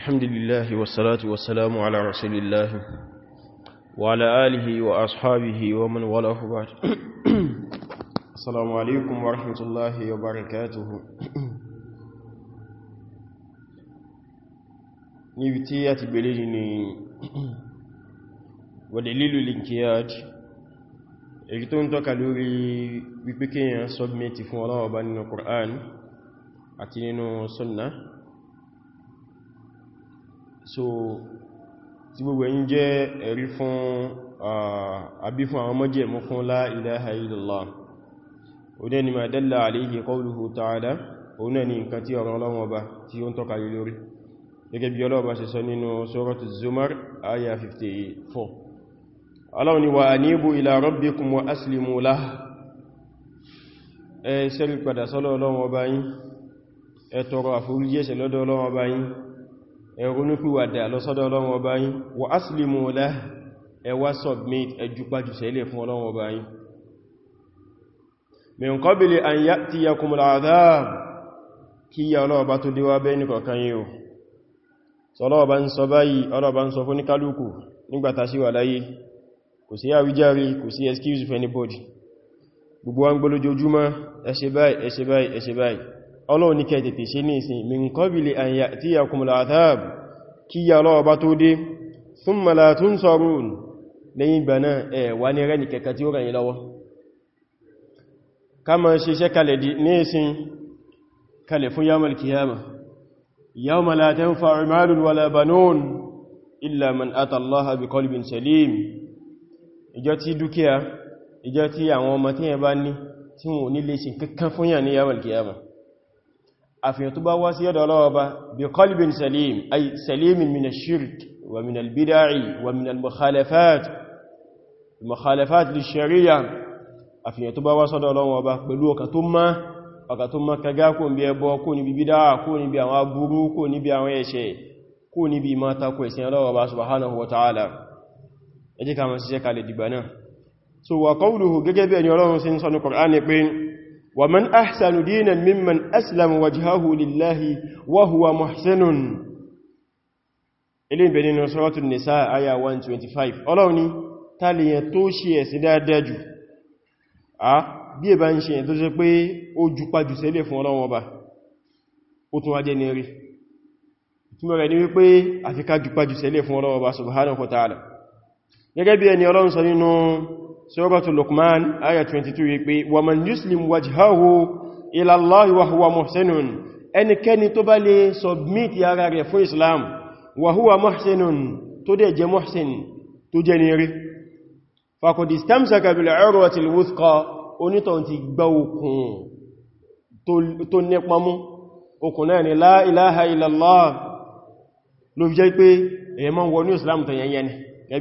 الحمد لله والصلاة والسلام على رسول الله وعلى آله وأصحابه ومن وله بعد السلام عليكم ورحمة الله وبركاته نبتيات بلجني ودليل الانكياج èyí tó ń tọ́ka lórí wípé القرآن submit fún so tí gbogbo ẹ̀yin jẹ́ ẹ̀rí fún àbí fún àwọn mọ́jẹ̀ mọ́ fún la ilaha illallah ó dẹ́ ni ma dalla alayhi qawluhu ta'ala òun ni nǹkan tí ọ̀rọ̀ ọlọ́run ọba tí ó ń tọ́ka lé lórí gẹ́gẹ́ bí ọlọ́ọ̀bá ṣe sọ nínú suratu zumar aya 54 ọlọ́run ni wa anibu ila rabbikum wa aslimu lah ẹ ṣẹ́rí padà sọ́lọ́ ọlọ́run ọba yín ẹ tọrọ àforíjẹ́ṣẹ̀ lọ́dọ̀ ọlọ́run ọba yín ẹ̀rọnúkúwàdà lọ́sọ́dọ̀ ọlọ́run ọba yín wa aslimu lah ẹ wá submit ẹjúpájú sẹ́lẹ̀ fún ọlọ́run ọba yín min qabli an ya'tiyakumul adhab kí ya ọlọ́ọ̀bá tó déwá bẹ́ ní kọ̀ọ̀kan yìí o sọlọ́ọ̀bá ń excuse anybody gbogbo wa ń gbọ́lójoojúmọ́ ẹ ṣe ọlọ́run ní kẹ́ tètè ṣe ní ìsìn min qabli an ya'tiyakum al'adhab kí ya ọlọ́wọ́ bá tó dé thumma la tunsarun lẹ́yìn ìgbàna ẹ̀wà ní rẹ̀ ní kẹ́kẹ́ tí ó rẹ̀ yìí lọ́wọ́ ká ma ṣe ṣẹ́ kalẹ̀ ní ìsìn kalẹ̀ fún yawmal kiyama yawma la tanfa'u malun wala banun illa man ata tí wọn ò ní lè ṣe kankan fún yà ní yawmal kiyama àfihàn tó bá wá sí yọ́dọ̀ ọlọ́wọ́ bá bí qalbin salim ay salimin min ash-shirk wa min al-bida'i wa min al-mukhalafat mukhalafat lish-sharia àfihàn tó bá wá sọ́dọ̀ ọlọ́wọ́ bá pẹ̀lú ọkà tó má ọkà tó má kagá kó níbi ẹbọ kó níbi bídáà àwọn aburú kó níbi àwọn ẹ̀ṣẹ̀ kó níbi ìmáta kó ẹ̀sìn ọlọ́wọ́ subhanahu wa ta'ala ẹjẹ́ mọ̀ sí ṣẹ́kà lè dìgbà náà so wa qawluhu gẹ́gẹ́ bí ẹni ọlọ́run sí ń sọ ní Qur'ani pé ومن أحسن دينا ممن أسلم وجهه لله وهو محسن إلين بنين سورة النساء آية 125 Ọlọ́run ni tàlìyàn tó ṣe ẹ̀sìn dáadáa jù a bí ẹ̀bá ń ṣe tó ṣe pé ó jù pàjù sẹ́lẹ̀ fún Ọlọ́run ọba ó tún wájẹ́ ní rí ìtumọ̀ rẹ̀ ní wípé àfikà jù sẹ́lẹ̀ fún Ọlọ́run ọba subhanahu wa ta'ala gẹ́gẹ́ bí ẹni Ọlọ́run sọ nínú suratul Luqman aya 22 wípé wa man yuslim wajhahu ila Allahi wa huwa muhsinun ẹnikẹ́ni tó bá lè submit ara rẹ̀ fún Islam wa huwa muhsinun tó dẹ̀ jẹ́ muhsin tó jẹ́ nire faqad istamsaka bil urwatil wuthqa onítọ̀n ti ẹbí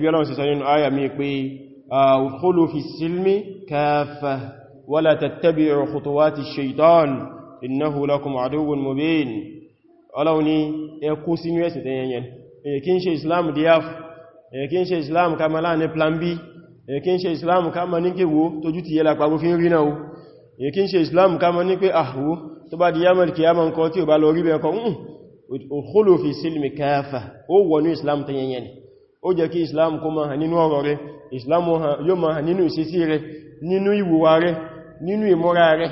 Ọlọ́run sì sọ nínú aya pé ادخلوا في السلم كافة ولا تتبعوا خطوات الشيطان إنه لكم عدو مبين ọlọ́run ni ẹkú sínú ẹ̀sìn tẹ́yẹnyẹn èyíkí ń ṣe islam díaf èyíkí ń ṣe islam ká ma láàrin plan b èyíkí ń ṣe islam ká ma ní kéwò tójú ti yẹla pàgbó fi ń rínà o èyíkí ń ṣe islam ká ma ah, tó bá di yamal ó jẹ́ kí islam kó máa nínú ọ̀rọ̀ rẹ̀ islam yóò máa hàn nínú ìṣesí rẹ̀ nínú ìwòwà rẹ̀ nínú ìmúra rẹ̀ eh,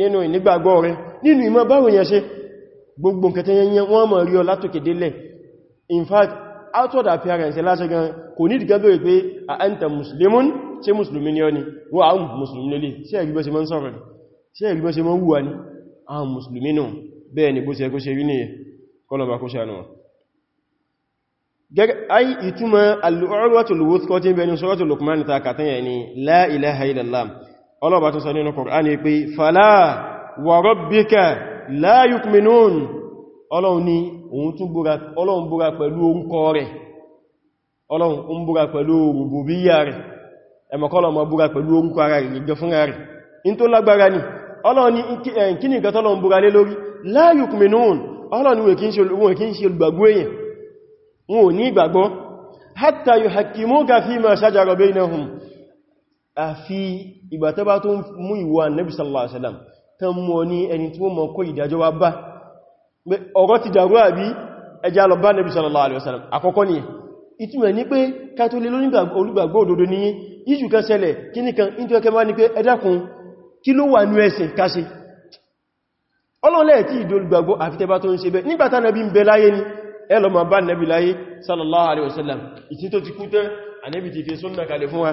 nínú ìnígbàgbọ́ rẹ̀ nínú ìmọ̀ báwo ṣe gbogbo nǹkan wọ́n mọ̀ rí ọ látòkè in fact outward appearance lásẹ̀ gan kò ní ìdígẹ́bẹ̀ pé a anta muslimun ṣe musulmi ni ọ ni wọ́n àwọn musulmi nílé ṣe ẹ̀rí bó ṣe mọ́ ń sọ̀rọ̀ ṣe ai ìtumọ̀ al'urwatul wuthqa tí bẹni suratul Luqman ta kàtàyà ni la ilaha illallah ọlọ́bà tó sọ nínú Qur'ani pé fala wa rabbika la yu'minun ọlọ́run ni òun tún búra pẹ̀lú orúkọ rẹ̀ ọlọ́run ń búra pẹ̀lú rububiyya rẹ̀ ẹmọ̀kọ́lọ̀ mọ̀ búra pẹ̀lú orúkọ ara rẹ̀ gẹ́gẹ́ fún rẹ̀ in tó lágbára ni ọlọ́run ni kí ni ìgbàtọ́lọ́run búra lé lórí la yu'minun ọlọ́run ni wèkí ń ṣe olùgbàgbó èèyàn wọn ò ní ìgbàgbọ́ hatta yuhakkimuka fima shajara bainahum àfi ìgbà tó bá tó mú ìwọ annabi sallallahu alaihi wasallam tán mọ́ ní ẹni tí wọ́n mọ́ kó ìdájọ́ wá bá ọ̀rọ̀ ti dàrú àbí ẹjá lọ bá annabi ni ìtumọ̀ ní pé katolí olùgbàgbọ́ òdodo ní ìjù kan kí ló wà ẹlọ ma bá nẹ́bí láyé sallallahu alaihi wasallam ìtí tó ti kú tẹ́ ànẹ́bí ti fi súnnà kalẹ̀ fún wa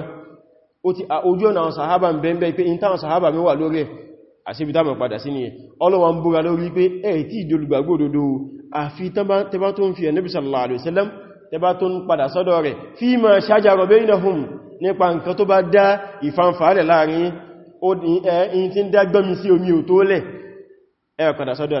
ó ti a ojú ọ̀nà àwọn sàhábà ń bẹ́ẹ̀ pé in táwọn sàhábà mi wà lórí ẹ̀ àṣíbi dámọ̀ padà sí nìyẹn ọlọ́wọ́n búra lórí pé ẹ̀ tí ìdólùgbàgbò òdodo sallallahu alaihi wasallam tẹbá tó ń padà sọ́dọ̀ rẹ̀ fi ma ṣájárọ̀ bainahum nípa nǹkan tó bá dá ìfanfàálẹ̀ láàrin ẹ̀yìn omi ò tó lẹ̀ ẹ̀ padà sọ́dọ̀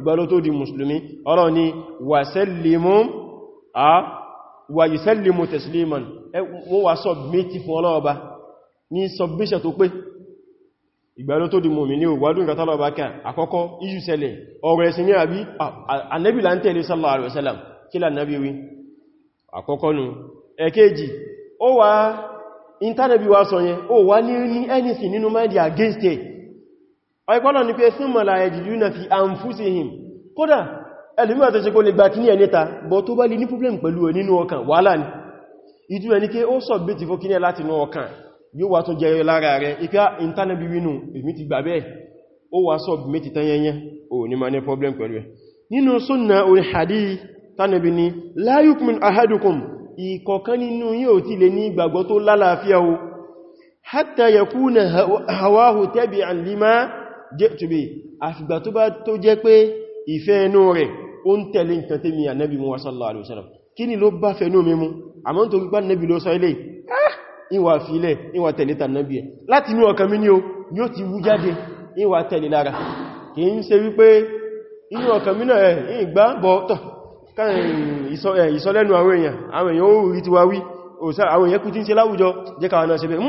ìgbàló tó di mùsùlùmí ọ̀rọ̀ ni wa yusallimu tasliman wọ́n wà submit fún ọlọ́ọba ní submission tó pé ìgbàló tó di mùmìnì ò wádùn ìgbàtọ́lọ́ọba kan àkọ́kọ́ ìyùsẹ̀lẹ̀ ọ̀rọ̀ ẹ̀sìn ní àbí annabi la sallallahu alaihi wasallam kí nabi wí àkọ́kọ́ nù ẹ̀kejì ó wá ìntánẹ̀bí wá sọ yẹn ó wá ní anything nínú mind against it ọ̀pọ̀lọ̀ ni pé súnmọ̀ láyé jìlú na fi anfusihim kódà ẹlùmí àti ṣe kó lè gbà kí ní ẹnita bọ́ tó bá lè ní problem pẹ̀lú ẹ nínú ọkàn wàhálà ní ìtú ẹni pé ó sọ bí ti fó kí ní láti inú ọkàn yóò wá tó jẹyọ lára rẹ ah, ipá ìntánẹ́bí wínú èmi ti gbà bẹ́ẹ̀ ó wá sọ bí méjì tán yẹnyẹ ò ní ma ní problem pẹ̀lú ẹ nínú súnnà orí hadí tánàbí ni la yukmin ahadukum ìkọ̀kan nínú yóò ti lè ní ìgbàgbọ́ tó lálàáfíà o hatta yakuna hawahu tabi'an lima jẹ́tù bí àfìgbà tó bá tó jẹ́ pé ìfẹ́ ẹnu rẹ̀ ó ń tẹ̀lé nǹkan tí mi ànẹ́bì mú sallallahu alaihi wasallam kí ni ló bá fẹ́ inú mi mú àmọ́ tó gbá nẹ́bì ló sọ ilé ìwà fílẹ̀ ìwà tẹ̀lé tànẹ́bì ẹ̀ láti inú ọkàn mi ni ó yóò ti wú jáde ìwà tẹ̀lé lára kì í ṣe wípé inú ọkàn mi náà ìgbà bọ̀ tọ̀ ìsọlẹ́nu àwọn èèyàn àwọn èèyàn ó rí ti wá wí àwọn èèyàn kú tí ń ṣe láwùjọ jẹ́ káwọn náà ṣe bẹ́ẹ̀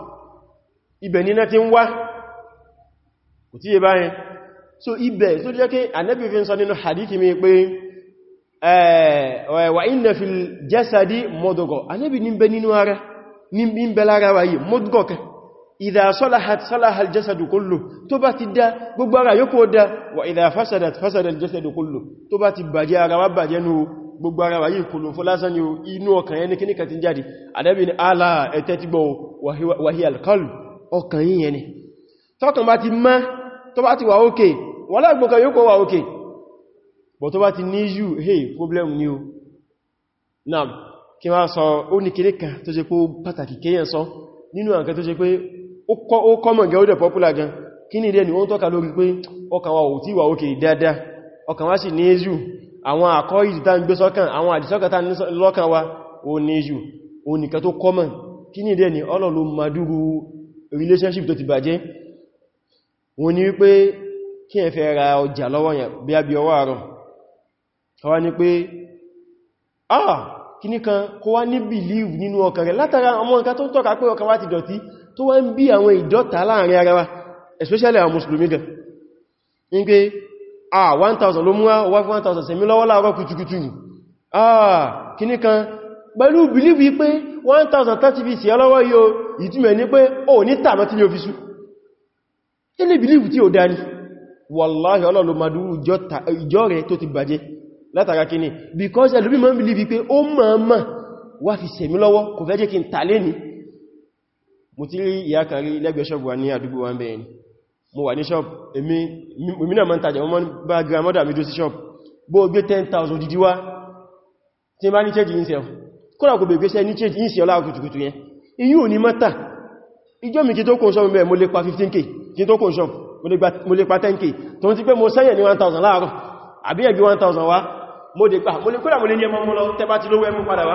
ibẹ̀ níná ti ń wá kò tí yẹ báyẹn so ibẹ̀ so jẹ́ kí anẹ́bí fi ń sọ nínú hadithi mi pé eh, wà inna fil jasadi mọ́dọ̀gọ̀ anẹ́bí ní bẹ nínú ara ní bẹ lára wáyé mọ́dọ̀gọ̀ kẹ idha salahat salaha al-jasadu kullu tó bá ti dá gbogbo ara yóò kó dá wà idha fasadat fasada al-jasadu kullu tó bá ti bàjẹ́ ara wá bàjẹ́ nú gbogbo ara wáyé kùlù fún lásán ni inú ọkàn ẹni kíníkà ti jáde adẹ́bìn ala ẹ̀tẹ́ ti gbọ́ wàhí al ọkàn yín yẹn ni bá ti mọ́ tó bá ti wà ókè wọ́n lágbọ́kàn yóò wà ókè bọ̀ tó bá ti ní yù hey problem ni o na kí wá sọ ó ní kéré kan tó ṣe pé ó pàtàkì kéyàn sọ nínú àǹkan tó ṣe pé ó kọ́mọ̀ gẹ́ ó gan kí wa ò tí wà ókè dáadáa ọkàn wa sì ní yù àwọn àkọ́ ìdíta ń gbé sọ́kàn àwọn àdìsọ́kàn tá ní lọ́kàn wa ó ní ó nìkan tó relationship tó ti bàjẹ́ wọ́n ní wípé kí ẹ fẹ́ ra ọjà lọ́wọ́ yẹn bí a bí ọwọ́ àárọ̀ kọwa ní pé ah kí ní kan kó wá ní believe nínú ọkàn rẹ̀ látara ọmọ nǹkan tó ń tọ́ka pé ọkàn wá ti dọ̀tí tó wá ń bí àwọn ìdọ́ta láàrin ara wa especially àwọn mùsùlùmí gan ní pé ah 1000 ló mú wá 1000 sẹ́mi lọ́wọ́ láàárọ̀ kùtùkùtù ah kí ní kan pẹ̀lú bìlíbì pé 1030 fi sí ọlọ́wọ́ yóò ìtumẹ̀ ní pé o ní tàbí tí ní ofisu ilé bìlíbì tí ó dání wàláhì ọlọ́lọ́mọdúrú ìjọ rẹ̀ tó ti bàjẹ́ látara kíní because ẹlùmí ma ń bìlíbì pé ó máa wá fi sẹ̀mí lọ́wọ́ kò fẹ́ jẹ́ kí n tà lẹ́ni mo ti rí ìyá kan rí lẹ́gbẹ̀ẹ́ ṣọ́bù wa ní àdúgbò wa ń bẹ̀rẹ̀ ni mo wà ní ṣọ́bù èmi náà ma ń tajà wọ́n mọ́ bá grandmother mi dó sí ṣọ́bù bó gbé 10,000 dídí kódà kò bèèrè sẹ́ ní change ní sí ọlá kùtùkùtù yẹn iyí ò ní mọ́ta ìjọ́ mi kí tó kún ṣọ́m bẹ́ẹ̀ mo lè pa 15k kí tó kún ṣọ́m mo lè pa 10k tó ti pé mo sẹ́yẹ̀ ní 1000 láàárọ̀ àbí ẹ̀bí 1000 wá mo lè pa kódà mo lè ní ẹmọ mọ́ lọ tẹ́bá ti lówó ẹmú padà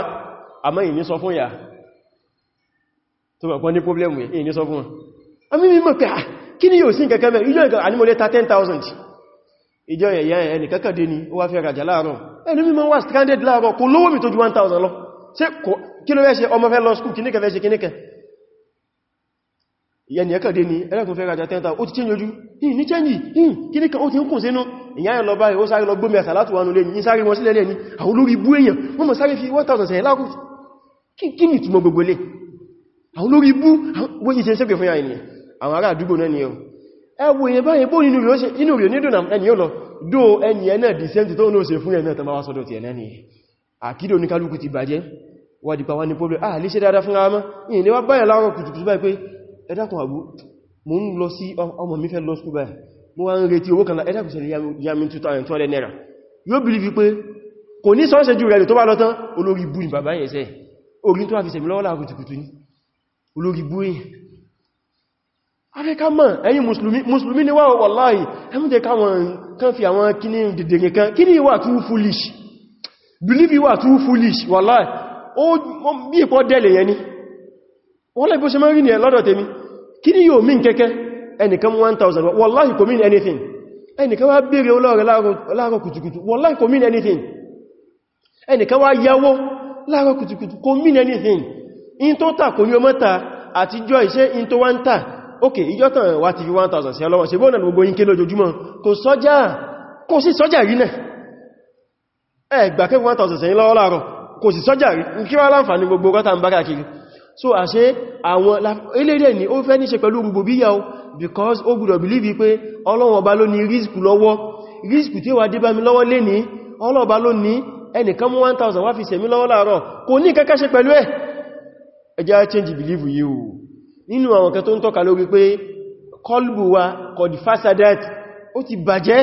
ah, ni yóò sí kẹ́kẹ́ mẹ́ ìjọ́ ìkọ̀ àní mo lè ta 10,000 ìjọ́ ẹ̀yà ẹni kẹ́kẹ́ dé ni ó wá fẹ́ rajà láàárọ̀ ẹni mímọ̀ wá stranded láàárọ̀ kò lówó mi tó ju 1000 lọ kí ló fẹ́ ṣe ọmọ fẹ́ lọ skú kìníkà fẹ́ ṣe kìníkà ìyẹn ẹ̀kà dé ní ẹlẹ́kùn fẹ́ rajà tẹ́ntà ó ti change ojú yìí ní change yìí kìníkà ó ti ń kùn sínú ìyáyẹ̀ lọ báyìí ó sáré lọ gbómi àtà láti wọnú lẹ́yìn sáré wọn sílẹ̀ lẹ́ni àwọn olórí ibú èèyàn wọ́n mọ̀ sáré fi 1000 sẹ̀yẹ̀ lákùn kí ni ìtumọ̀ gbogbo lé àwọn olórí ibú wọ́n yìí ṣe ń sẹ́gbẹ̀ fún yà ènìyàn àwọn ará àdúgbò náà ni ẹwọ èèyàn báyìí bó nínú àkídà oníkálùkù ti bàjẹ́ wà dìpa wá ní problem ah lè ṣe dáadáa fún ara mọ́ ìyìn lè wá báyẹ̀ láàárọ̀ kùtùkùtù báyìí pé ẹ dákun àbú mo ń lọ sí ọmọ mi fẹ́ lọ school báyìí mo wá ń retí owó kan ẹ dákun sẹ̀lẹ̀ yami 2200 naira yóò bí wípé kò ní sọ́ọ́sẹ̀ jù rẹ̀ tó bá lọ ni bàbá yẹn sẹ́ orí tó wà fi ni olórí bú yìí ni wà wọ́láì kan fi àwọn kíní dìdìrì kan kíní wà too foolish believe you are too foolish wallahi ó bí ìpọ́ dẹ̀lẹ̀ yẹn ni wọ́n lẹ́bí ó ṣe máa rí ní ẹ lọ́dọ̀ tèmi kí ni yóò mean kẹ́kẹ́ ẹnìkan 1000 wallahi kò mean anything ẹnìkan wá bèèrè olóòrẹ láàrọ̀ kùtùkùtù wallahi kò mean anything ẹnìkan wá yáwó láàrọ̀ kùtùkùtù kò mean anything in tó tà kò ní ọmọ tà àtijọ́ iṣẹ́ in tó wá ń tà ok ìjọ́ tàn wá ti fi 1000 sí ọlọ́wọ́ ṣe bọ́ọ̀nà gbogbo yínkẹ́ lójoojúmọ́ kò sọ́jà kò sí sọ́jà rí náà ẹgbà kẹfún 1000 lọ́wọ́ láàrọ̀ kò sì sọ́jà kí gbogbo so ase àwọn elédè ní ó fẹ́ ní ṣe gbogbo o because ó gbọ́dọ̀ believe pé Ọlọ́run ọba ló ní rísìkù lọ́wọ́ rísìkù tí ó mi ẹjá change belief yìí o nínú àwọn ń tọ́ka lórí pé wa kọ̀dì ó ti bàjẹ́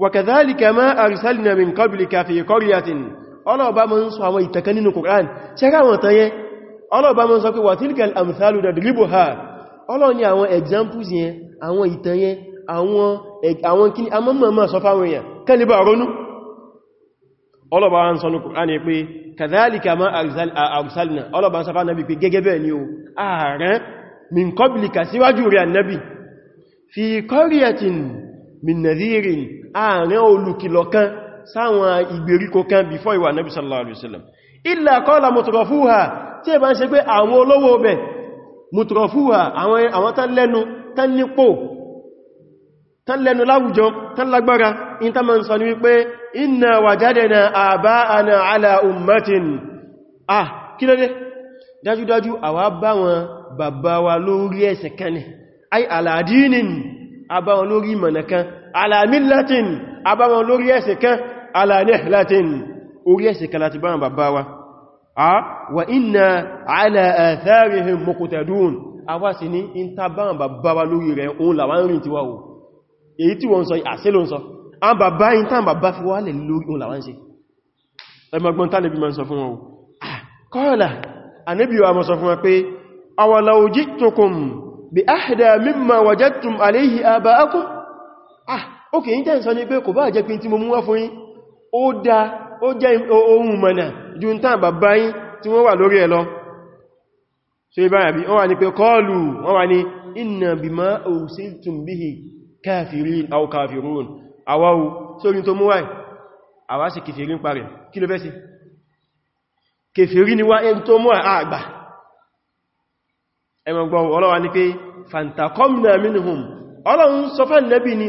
وكذلك ما أرسلنا من قبلك في قرية الله بما نسوى ويتكنين القرآن شكرا وطيه الله بما نسوى وتلك الأمثال ندربها الله ni àwọn examples yẹn àwọn ìtàn yẹn àwọn àwọn kini amamama sọ fáwọn yẹn kan lè bá ronú Allah bá ń sọ ní Qur'an ní pé kadhalika ma arsalna Allah ń sọ pé gẹ́gẹ́ bẹ́ẹ̀ ni o ààrẹ min fi qaryatin min nadhirin ààrin olùkìlọ̀ kan sáwọn ìgbèríko kan before ìwà nabi sallallahu alaihi wasallam illa qala mutrafuha tí ẹ bá ń ṣe pé àwọn olówó ọbẹ̀ mutrafuha àwọn tán lẹ́nu tán nípò tán lẹ́nu láwùjọ ah, lórí ẹ̀sẹ̀ kan ní ay ala dinin lórí ìmọ̀nà kan ala millatin abáwọn lórí ẹ̀sẹ̀ kan ala nihlatin orí ẹ̀sẹ̀ kan láti báwọn bàbá wa a wa inna ala atharihim muqtadun a wá sí ní in ta báwọn bàbá wa lórí rẹ̀ oun làwọn rìn tiwa o èyí tí wọ́n sọ àṣẹ ló ń sọ a bàbá in tán bàbá fi wálẹ̀ lórí oun làwọn ṣe ẹgbẹ̀gbọ́n tánàbí ma ń sọ fún wọn kọ́ọ̀lá wa mọ́ sọ fún wa pé awalaw jitukum bi ahda mimma wajadtum alayhi aba'akum ah ok yí tẹ́ ń sọ ní pé kò bá jẹ́ pín tí mo mú wá fún yín ó dá ó jẹ́ ohun mọ̀nà ju ń tàn bàbá yín tí wọ́n wà lórí ẹ̀ lọ so ibára bí wọ́n wà ní pé kọlù wọ́n wà ní inna bima ursiltum bihi kafirin aw kafirun àwáwú sórí tó mú wáyìí àwá sí kèfèrí ń fẹ́ nẹ́bí ni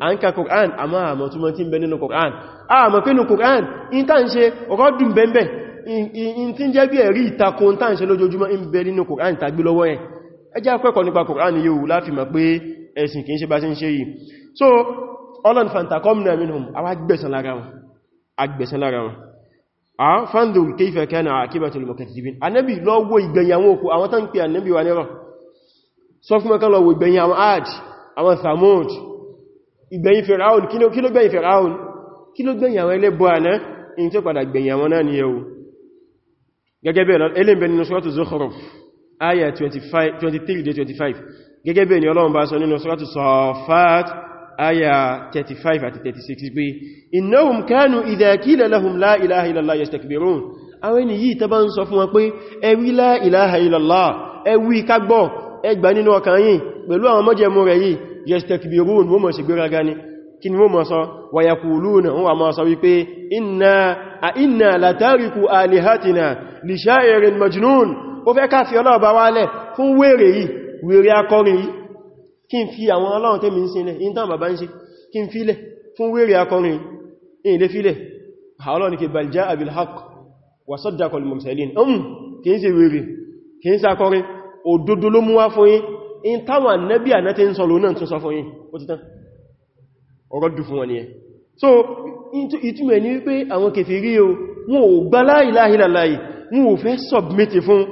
Anka ka Qur'an ama máa àmọ̀ túnmọ̀ tí ń bẹ Qur'an a mọ̀ pé nínú Qur'an in ta ń ṣe ọgọ́dùn bẹ̀m̀bẹ̀ in tí ń jẹ́ bí ẹ̀rí ìtakò ta ń ṣe lójoojúmọ́ in bẹ nínú Qur'an tàgbí lọ́wọ́ ẹ̀ ẹ jẹ́ akẹ́kọ̀ọ́ nípa Qur'an yóò láfi mọ̀ pé ẹ̀sìn kìí ṣe bá ṣe ń ṣe yìí so ọlọ́n fantakomna minhum a wá gbẹ̀san lára wọn agbẹ̀san lára wọn a fandò kayfa kana aqibatul mukaththibin anábì lọ́wọ́ ìgbẹ̀yàwó òkú àwọn tán pè anábì wa nírọ̀ sọ fún mọ́kànlọ́wọ́ ìgbẹ̀yàwó Ad àwọn Thamud ìgbẹ̀yìn fìràún kí ló gbẹ̀yìn fìràún kí ló gbẹ̀yìn àwọn ẹlẹ́bọ̀ àná in tí ó padà gbẹ̀yìn àwọn náà ni yẹ̀wò gẹ́gẹ́ bẹ́ẹ̀ ẹlẹ́bẹ̀ nínú suratu Zukhruf ayà 23-25 gẹ́gẹ́ bẹ́ẹ̀ ni Ọlọ́run bá sọ nínú suratu Saffat ayà 35 àti 36 pé innahum kanu idha qila lahum la ilaha illallah yastakbirun àwọn ẹni yìí tẹ́ bá ń sọ fún wọn pé ẹwí la ilaha illallah ẹwí kagbọ́ ẹgbà nínú ọkàn yìí yastakbirun wọ́n máa ṣe gbéraga ni kí ni wọ́n máa sọ wa yaquluna wọ́n wà máa sọ wípé inna a inna la tariku alihatina li sha'irin majnun ó fẹ́ ká fi Ọlọ́run bá wálẹ̀ fún wèrè yìí wèrè akọrin yìí kí n fi àwọn Ọlọ́run tẹ́mi ń sinlẹ̀ in tán bàbá in táwọn nẹ́bí àná tí ń sọ lónà tún sọ fún yín ó ti fún wọn ni ẹ so ìtumọ̀ ní wípé àwọn kèfèrí o wọn ò gbá la ilaha illallah wọn ò fẹ́ submit fún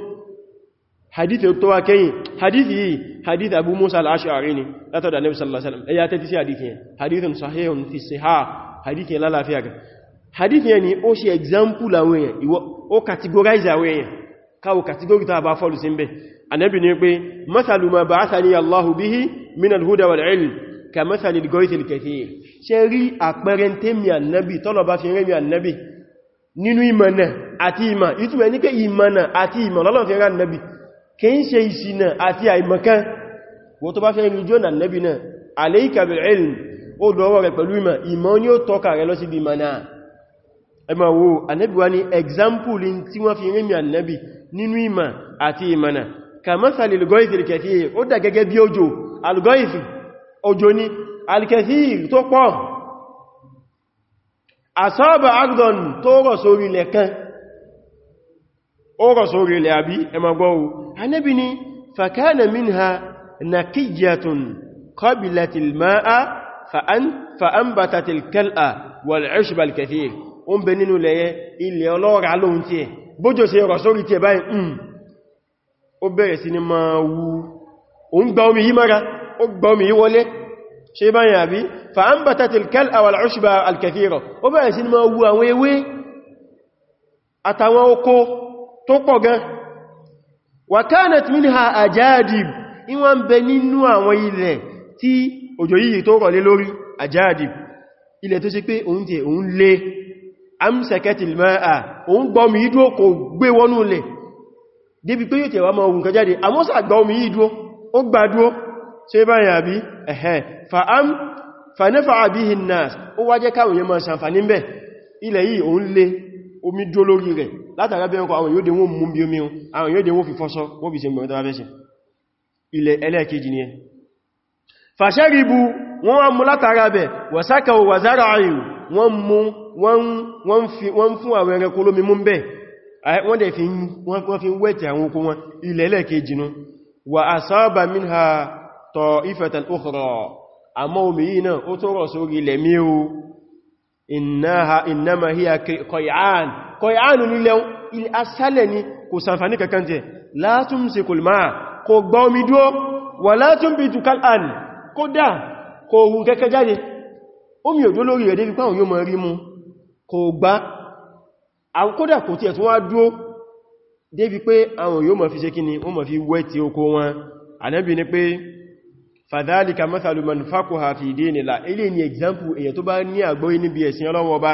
hadith tó wá kẹ́yìn hadith yìí hadith abu musa al ni látọ̀dọ̀ nabi sallallahu alaihi wasallam ẹ̀yà tẹ́tí sí hadith yẹn hadithun sahihun fi siha hadith yẹn lálàáfíà gan example àwọn èèyàn ó categorize àwọn èèyàn káwọ category tó a bá annabi ní pé masalu ma ba'athani Allahu bihi min al-huda wal ilm ka masali al-ghayth al-kathir ṣé rí àpẹrẹ tèmi annabi tolo bá fi rán mi annabi nínú imana àti ima ìtumọ̀ ni pé imana àti ima lolo fi rán annabi ke n ṣe ìṣìnà àti àìmọ̀kan wo tó bá fẹ́ rí jona annabi náà alayka bil ilm ó dọwọ́ rẹ̀ pẹ̀lú ima ima ni ó tọ́ka rẹ̀ lọ sí bí imana ẹmà wo annabi wa ni example tí wọ́n fi rán mi annabi nínú ima àti imana kàmọ́sàlì algoithi alkathir ó dà gẹ́gẹ́ bí òjò algoithi òjò ni alkathir tó pọ̀ asaba agdon tó rọ̀ sórí ilẹ̀ kan ó rọ̀ sórí ilẹ̀ àbí ẹmọgbọ́wò Ànábì ni fakana minha naqiyatun qabilatil ma'a fa'ambatatil kal'a wal 'ushba alkathir ó ń bẹ nínú lẹ́yẹ ilẹ̀ ọlọ́rà ó bẹ̀rẹ̀ sí ni máa wú òun gba omi yí mara ó gba omi yí wọlé ṣe báyìí àbí fa'ambatatil kal'a wal ushba al-kathira ó bẹ̀rẹ̀ sí ni máa wú àwọn ewé àtàwọn oko tó pọ̀ gan wa kanat minha ajadib ìwọ̀n bẹ nínú àwọn ilẹ̀ tí òjò yìí tó rọ̀lé lórí ajadib ilẹ̀ tó ṣe pé òun tẹ òun lé amsakatil òun gbọmù ìdú gbé wọnú lẹ̀ débi pé yóò tẹ̀wà ma ogun kan jáde àmọ́sà gba omi yìí dúó ó gbà dúó tí ó báyìí àbí ẹ̀hẹ́n fa'am fa'nẹ́fà àbíhì nas ó wá jẹ́ káwọn yẹ ma ṣàǹfàní bẹ̀ ilẹ̀ yìí òun lé omi dúó lórí rẹ̀ látàrí bí ẹnkọ àwọn yóò dé wọ́n mú bí omi àwọn yóò dé wọ́n fi fọ́sọ́ wọ́n fi ṣe mọ̀ ẹ̀dọ́ra fẹ́ṣẹ̀ ilẹ̀ ẹlẹ́ẹ̀kejì ni ẹ fàṣẹ́rìbù wọ́n wá mú fún àwọn ẹranko lómi mú bẹ́ẹ̀ wọ́n dẹ̀ fi wọ́n fi wẹ́tẹ̀ àwọn okun wọn ilẹ̀ ẹlẹ́kejì nú wà asaba minha ta'ifatan ukhra àmọ́ omi yìí náà ó tún rọ̀ sórí ilẹ̀ mí o innama hiya koyan koyan nílẹ̀ asálẹ̀ ni kò sànfàní kankan jẹ la tumsikul ma kò gbá omi dúó wà la tunbitu kal'an kó dá àkódà kò tí ẹ̀tún wá dúó débi pé àwọn yóò mọ̀ fi ṣe kí ni wọ́n mọ̀ fi wẹ́ tí oko wọn ànábì ni pé fadhalika mathalu man faqaha fi dinillah ilé ni example èyàn tó bá ní àgbọ́yé níbi ẹ̀sìn ọlọ́wọ́ bá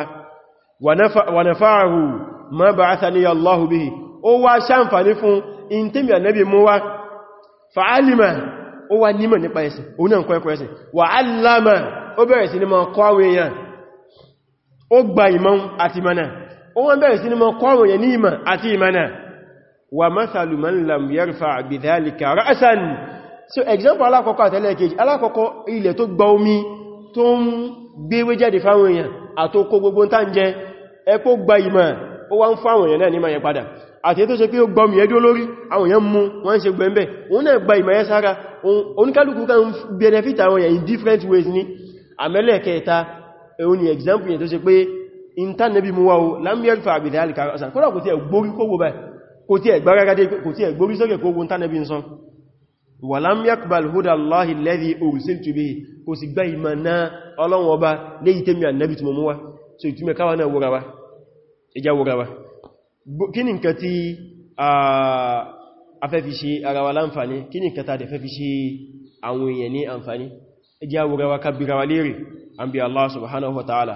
wa nafa'ahu ma ba'athani Allahu bihi ó wá ṣàǹfàní fún in tèmi ànábì mú wa 'allama ó ni mọ̀ kọ́ àwọn èèyàn ó gba ìmọ̀ àti mọ̀nà ó wọ́n bẹ̀rẹ̀ sí ni mọ́ kọ́rọ̀ yẹ ní ìmọ̀ àti ìmọ̀nà wà mathalu man lam yarfa' so example alákọ̀ọ́kọ́ àtẹ́lẹ́kejì alákọ̀ọ́kọ́ ilẹ̀ tó gba omi tó ń gbéwé jáde fáwọn èèyàn àtókò gbogbo tá ń jẹ ẹkó ma yẹ padà àti tó ṣe pé ó gbọmù ẹdí olórí àwọn èèyàn mú wọ́n ń ṣe different ways ni àmẹ́lẹ̀kẹta òun example yẹn tó ìntá nẹ́bí mú wáwó lámíẹ̀lì fà àbìdá àlìkà ọ̀sán kọ́nà kò tí ẹ̀ gbórí kó wó báyìí kò tí ẹ̀ gbáragadé kò tí ẹ̀ gbórí sókè kó wó ń tá nẹ́bí sán wà lámíẹ̀kbal húdà Allahi alladhi ursiltu bihi kò sì gbá tí mo mú wá so ìtumẹ̀ káwa náà wúra wa ẹjá wúra a fẹ́ fi ṣe ara wa láǹfàní kí ni nǹkan tá a fẹ́ Allah subhanahu wa ta'ala